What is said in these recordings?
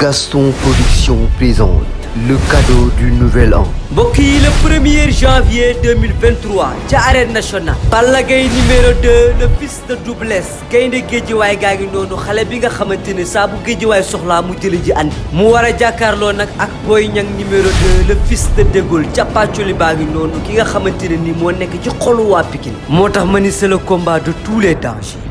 Gaston Production présente le cadeau du nouvel an. mbokk yi la premier janvier 2023 ca arène nationale. Balla Gaye numéro 2 le fils de Double Less gaynde géejiwaay gaa ngi noonu xale bi nga xamante ne saa bu géejiwaay soxlaa mu jëli ji andi. mu war a jàkkaarloo nag ak Boy Niang numéro 2 le fils de Dégol cappaacoli baa ngi noonu ki nga xamante ne ni moo nekk ci xolu waa Pikine. moo tax ma ni c'est le combat de tous les dangers.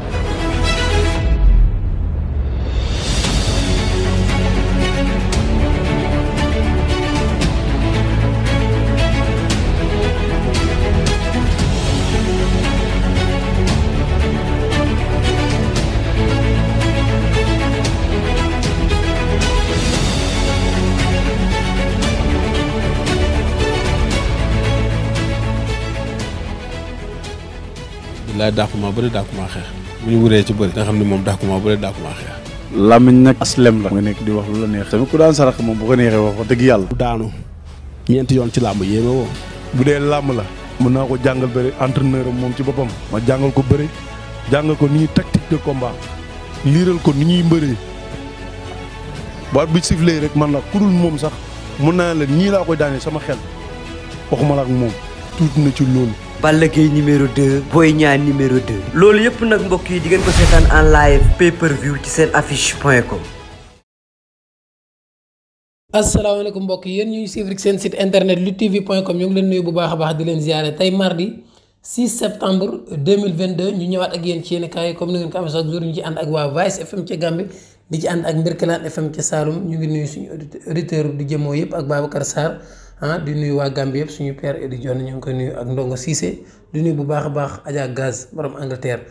Abdoulaye dàquma bëri dàquma xeex bu ñu wuree ci bëri nga xam ne moom dàquma bëri dàquma xeex làmmiñ nag aslem la nga nekk di wax lu la neex tamit ku daan sarax moom bu ko neexee wax dëgg yàlla daanu ñeenti yoon ci làmb yéeme woo bu dee làmb la mën naa ko jàngal bëri entraîneur am moom ci boppam ma jàngal ko bëri jàngal ko ni ñuy tactique de combat liiral ko ni ñuy mbëree ba bi siflee rek man la ku moom sax mën naa la ñii laa koy daane sama xel waxuma la ak moom tuuti na ci loolu Balla Gaye numéro 2 Boy Niang numéro 2 loolu yëpp nag mbokk yi di ngeen ko seetaan en live pay per view ci seen affiche point com mbokk yi yéen ñuy suivre seen site internet luttetv.com ñu ngi leen nuyu bu baax a baax di leen ziare tey mardi septembre ñu ñëwaat ak yéen ci yéen kaay comme ni ngeen ko amee chaque jour ñu ci ànd ak waa Vice FM ca Gambie di ci ànd ak Mbirkelane FM ca Saloum ñu ngi nuyu suñu auditeur du jëmoo yëpp ak Babacar Sarr ah di nuyu waa Gambie yëpp suñu père Edi ñu ngi ko nuyu ak Ndongo Cissé di nuyu bu baax a baax Adja Gaz borom Angleterre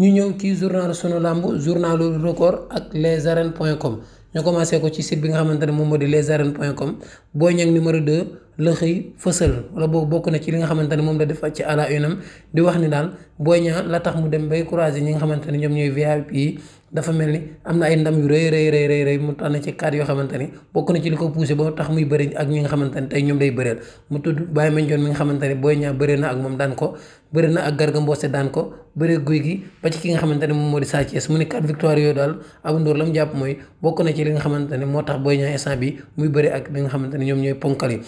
ñu ñëw ci journal sunu làmb journalu record ak lesarènes.com ñu commencé ko ci site bi nga xamante ne moom moo di les lesarènes.com Boy Niang numéro 2. la xëy fësal wala boo bokk na ci li nga xamante ne moom la def ci àla unam di wax ni daal Boy Niang la tax mu dem bay croiser ñi nga xamante ne ñoom ñooy VIP yi dafa mel ni am na ay ndam yu rëy rëy ci kaat yoo xamante ni bokk na ci li ko poussé ba tax muy bëri ak ñi nga xamante ne tey ñoom day bëreel mu tudd Baye Mandione mi nga xamante ne Boy Niang bëri na ak moom daan ko bëri na ak Garga Mbossé ko bëri guy gi ba ci ki xamante ne moom moo di Sa Thiès mu ne quatre victoire yooyu na ci li nga xamante ne moo tax Boy Niang instant bi muy bëri ak li nga xamante ne ñoom ñooy ponkal yi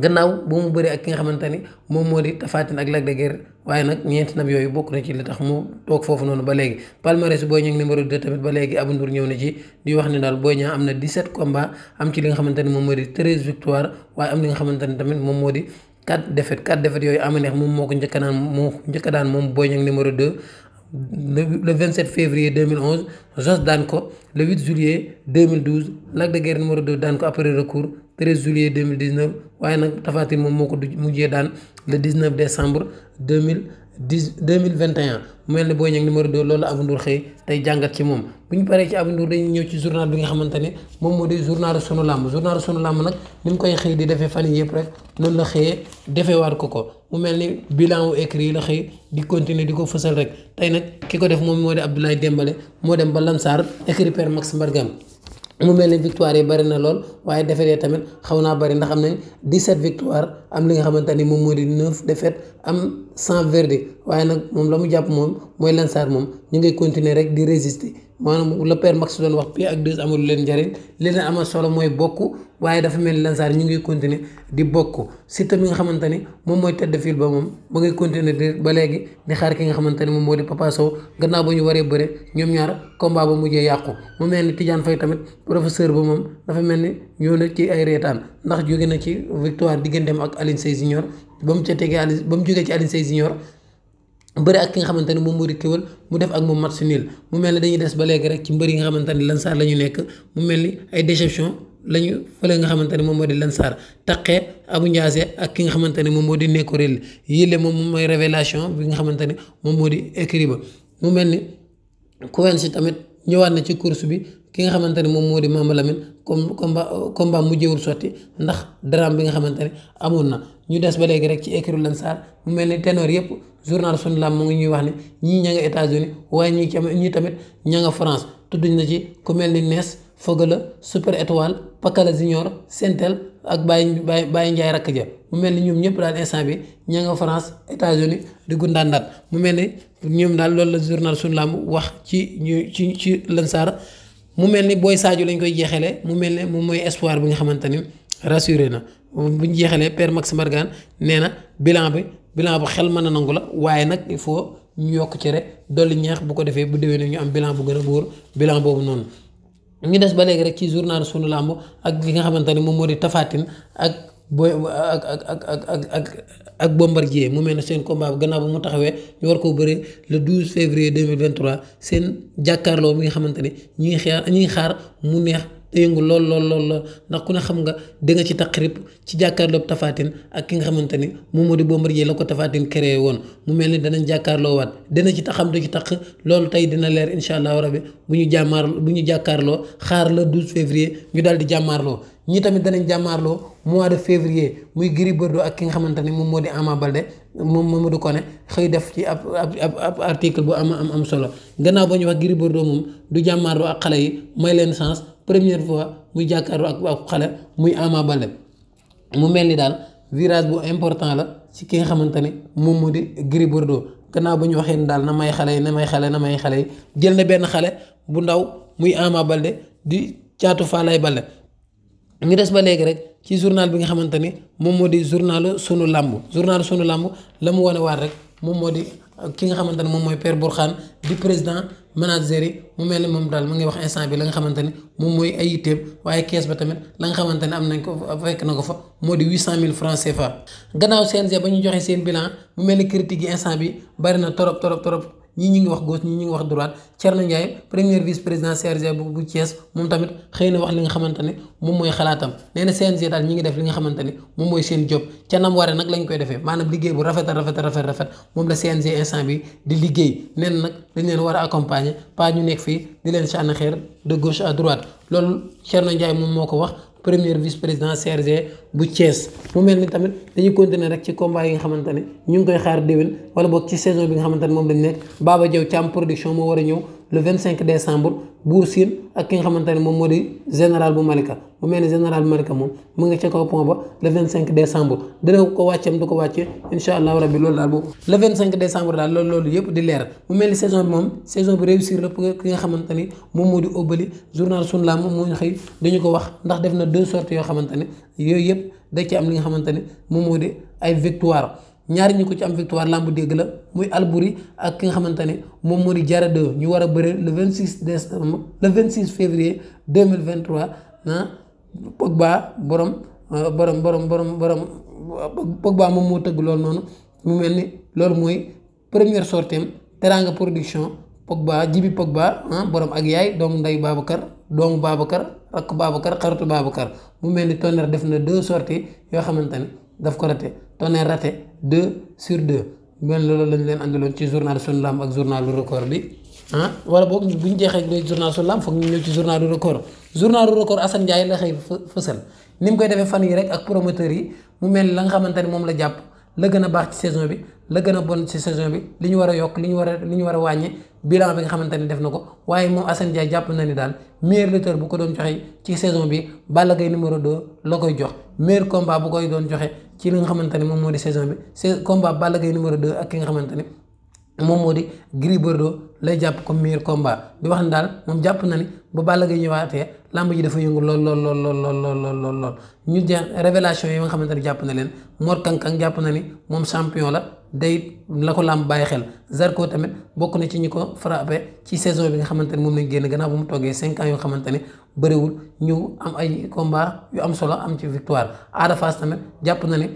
gannaaw bu mu bëri ak ki nga xamante ni moom moo di Tapha Tine ak Lac de waaye nag ñeenti ndam yooyu bokk na ci li tax mu toog foofu noonu ba léegi palmarès Boy Niang numéro 2 tamit ba léegi Abou Ndour ñëw na ci di wax ne daal Boy Niang am na 17 combats am ci li nga xamante moom moo di 13 victoire waaye am li nga xamante tamit moom moo di 4 défaites 4 défaites yooyu ama neex moom moo ko njëkk daan moom Boy Niang numéro 2 février Jos daan 13 juillet 2019 waaye nag Tapha Tine moom moo ko mujjee daan le 19 décembre 2010 2021 mu mel ne Boy Niang numéro 2 loolu la Abou Ndour xëy tey jàngat ci moom bu ñu paree ci Abou Ndour dañuy ñëw ci journal bi nga xamante ne moom moo di journalu sunu làmb journalu sunu làmb nag ni mu koy xëy di defee fan yii yëpp rek loolu la xëyee waat ko ko mu mel ni bilan wu écrit yi la xëy di continuer di ko fësal rek tey nag ki ko def moom moo di Abdoulaye Dembale moo dem ba Lansar écrit Père Max Mbargam mu mel ne victoire yi bëri na lool waaye defe yi tamit xaw naa bari ndax am nañ 17 victoire am li nga xamante ni moom moo di neuf défaites am sans verdict waaye nag moom la mu jàpp moom mooy Lansar moom ñu ngay continuer rek di résister maanaam le père Max doon wax pi ak deux amul leen njariñ li leen amal solo mooy bokk waaye dafa mel ni Lansar ñu ngi continuer di bokk Siteu mi nga xamante moom mooy tête de ba moom ba ngay continuer di ba léegi di xaar ki nga xamante moom moo di Papa gannaaw ba ñu waree bëre ñoom ñaar combat ba mujjee Alioune Sèye Junior ba mu ca tegee Alioune ba Junior bëri ak ki nga xamante moom moo di kéwal mu def ak moom match nul mu mel ni dañuy des ba ne Lansar mu mel ni ay déception lañu fële nga xamante ne moom moo di Lansar taqee Abu Ndiaase ak ki nga xamante ne moom moo di nekko réel yile moom mooy révélation bi nga xamante ne moom moo di écrit ba mu mel ni Kowen si tamit ñëwaat na ci course bi ki nga xamante ne moom moo di Mama Lamine comme combat combat mujjewul sotti ndax drame bi nga xamante ne amoon na ñu des ba léegi rek ci écurie Lansar mu mel ni ténor yëpp journal Sunu Lamb mu ngi ñuy ña nga ñi ñi ña nga France tudd na ci ku mel ni nees Fogala Super Étoile Pakala ak Baye Baye Baye Ndiaye rakk ja mu mel ni ñoom ñëpp daal instant bi ña nga France états mu mel ni ñoom daal loolu la journal Sunu Lamb wax ci ñu ci ci Lansar mu mel ni booy Sadio lañ koy jeexalee mu mel ne moom mooy espoir bi nga xamante ni rassuré na bu ñu jeexalee Père Max Mbargane nee na bilan bi bilan bu xel mën a nangu la waaye nag il faut ñu yokk cere dolli ñeex bu ko defee bu déwénee ñu am bilan bu gën a wóor bilan boobu noonu. ñu des ba léegi rek ci journal sunu làmb ak li nga xamante ni moom moo di Tapha ak booy ak ak ak ak ak ak Bombardier mu mel ne seen combat bi gannaaw bu mu taxawee ñu war koo bëree le 12 février 2023 seen jàkkaarloo mi nga xamante ne ñi ngi xaar ñi ngi xaar mu neex te yëngu lool lool lool lool ndax ku ne xam nga di nga ci taqrib ci jàkkaarloob Tafatine ak ki nga xamante ni moom moo di Bombardier la ko Tafatine créé woon mu mel ni danañ jàkkaarloo waat dana ci taxam du ci taq loolu tey dina leer incha allahu rabi bu ñu jàmmaar bu ñu jàkkaarloo xaar la 12 février ñu daal di jàmmaarloo ñi tamit danañ jàmmaarloo mois de février muy Gris Bordeaux ak ki nga xamante ne moom moo di Ama Baldé moom Mamadou Koné xëy def ci ab ab ab article bu am am am solo gannaaw ba ñu wax Gris Bordeaux du jàmmaarloo ak xale yi may leen sens première fois muy jàkkaarloo ak ak xale muy Ama Baldé mu mel ni daal virage bu important la ci ki nga xamante ne moom moo di Gris Bordeaux gannaaw ba ñu waxee ni daal na may xale yi na may xale na may xale yi jël na benn xale bu ndaw muy Ama Baldé di caatu Falaye Baldé ñu des ba léegi rek ci journal bi nga xamante ni moom moo di journalu suñu làmb journalu sunu làmb la mu wane waat rek moom moo di euh, ki nga xamante ne moom mooy Père Bourkhane di président manager mu mel ni moom daal mu ngi wax instant bi la nga xamante ni moom mooy ay yitteem waaye kees ba tamit la nga xamante ne am nañ ko fekk na ko fa moo di huit cent mille francs CFA. gannaaw CNG ba ñu joxe seen bilan mu mel ni critique yi instant bi bari na torop torop torop. ñii ñi ngi wax gos ñii ñi ngi wax droite Thierno Ndiaye premier vice président CRG bu bu Thiès moom tamit xëy na wax li nga xamante ne moom mooy xalaatam nee na daal ñi ngi def li nga xamante ne moom mooy seen job ca nam waree nag lañ koy defee maanaam liggéey bu rafet a rafet rafet rafet moom la CNG instant bi di liggéey nee na nag dañ leen war a accompagner paa ñu nekk fii di leen sànni xeer de gauche à droite loolu Thierno Ndiaye moom moo ko wax premier vice président CRG bu Thiès mu mel ni tamit dañuy continuer rek ci combat yi nga xamante ne ñu ngi koy xaar déwén wala boog ci saison bi nga xamante ne moom lañ nekk Baba Diaw Thiam production moo war a ñëw le 25 décembre Buur Siin ak ki nga xamante ne moom moo di général bu Malika mu mel ni général bu Malika moom mu ngi ca kaw pont ba le 25 décembre dina ko wàcceem du ko wàcce incha allahu rabbi loolu daal boobu le 25 decembre daal loolu loolu yëpp di leer mu mel ni saison moom saison bi réussir la ki nga xamante ni moom moo di Obali journal Sunu moom moo ñu xëy dañu ko wax ndax def na deux sortes yoo xamante ne yooyu yëpp da ci am li nga xamante ne moom moo di ay victoire ñaari ñi ko ci am victoire lamb dégg la muy Albouri ak ki nga xamante ne moom moo di Diarra 2 ñu war a bëre le 26 décembre le 26 février 2023 ah baa borom euh, borom borom borom borom Pogba moom moo tëgg noonu mu mel ni loolu mooy première sortiem Teranga Production Pogba Jibi Pogba ah borom ak yaay doomu nday Babacar doomu Babacar rakk Babacar xaritu Babacar mu mel ni Tonnerre def na deux sorties yoo xamante ne daf ko raté. tonnerre raté 2 sur 2 mel loolu lañ leen andiloon ci journal sunu lamb ak journalu record bi ah wala boog bu ñu jeexee ak journal sunu lamb foog ñu ñëw ci journalu record journalu record Assane Ndiaye la xëy fësal ni mu koy defee fan yi rek ak promoteurs yi mu mel ni la nga xamante ne moom la jàpp la gën a baax ci saison bi la gën a bon ci saison bi li ñu war a yokk li ñu war a li ñu war a wàññi bilan bi nga xamante ne def na ko waaye moom Assane jàpp na ni daal meilleur lutteur bu ko doon joxe ci saison bi Balla Gaye numéro 2 la koy jox meilleur combat bu koy doon joxe. ci li nga xamante ne moom moo di saison bi c'est combat Balla Gaye numéro 2 ak ki nga xamante ne moom moo di Gris Bordeaux lay jàpp comme miir combat di wax ne daal moom jàpp na ni ba Balla Gaye ñëwaatee làmb ji dafa yëngu lool lool lool lool lool lool lool lool ñu jeex révélation yi nga xamante ne jàpp na leen Mor Kankang jàpp na ni moom champion la day la ko làmb bàyyi xel Zarko tamit bokk na ci ñi ko frappé ci saison bi nga xamante ne moom lañ génn gannaaw bu mu toggee cinq yoo xamante ne bëriwul ñu am ay combat yu am solo am ci victoire Ada Fass tamit jàpp na ne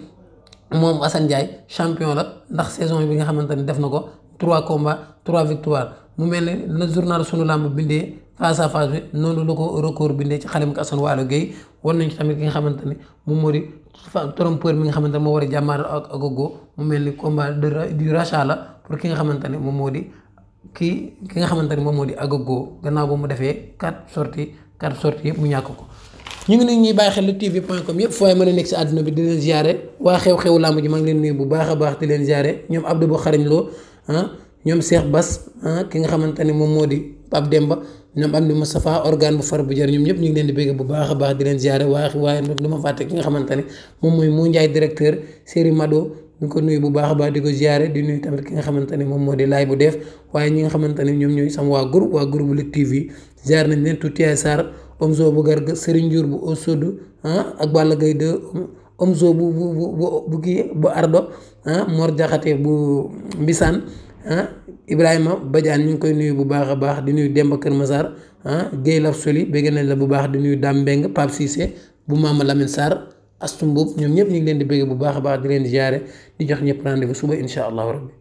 moom Assane Ndiaye champion la ndax saison bi nga xamante ne def na ko trois combats trois victoires mu mel ne na journal sunu làmb bindee face à face bi noonu la ko record bindee ci xale mu ko Assane Waalo Gueye wan nañ ci tamit ki nga xamante ne moom moo di trompeur mi nga xamante ne moo war a ak agogo mu mel ni combat du rachat la pour ki nga xamante ne moom moo di kii ki nga xamante ne moom moo di agogo gannaaw ba mu defee quatre sorties carte sortie yëpp mu ñàkk ko ñu ngi nuyu ñuy bàyyi xel luttetv point com yëpp fooy mën a nekk si àdduna bi di leen ziare waa xew-xewu làmb ji maa leen nuyu bu baax a baax leen ziare ñoom Abdou Ba xarañ loo ah ñoom Cheikh Bass ah, ki nga xamante ne moom moo di Pape Demba ñoom am di Moustapha organe bu far bu jar ñoom ñëpp ñu ngi leen di bu baax a baax di leen ziare waaye waaye du ma fàtte ki nga xamante ne moom mooy moo Ndiaye directeur Serigne Mado ñu ko nuyu bu baax a baax di ko ziare di nuy tamit ki nga xamante ne moom moo di laay bu def waaye ñi nga xamante ne ñoom ñooy sama waa groupe waa groupe Lutte TV ziare nañ leen tuuti ay Sarr Omzo bu Garga Serigne Ndiour bu Osodu ah ak Balla Gaye 2 Omzo bu bu bu bu Ardo ah Mor Diakhaté bu Mbisaan ah, Ibrahima Badiane ñu ngi koy nuyu bu baax a baax di nuyu Demba Kër Masar ah Guèye Laf Soli bëgg nañ la bu baax di nuyu Dame Mbengue Pape Cissé bu Mama Lamine Sarr. Astou Mboup ñoom ñëpp ñu ngi leen di bëgg bu baax a baax di leen di jaare di jox ñëpp rendez-vous suba incha allahu rabbi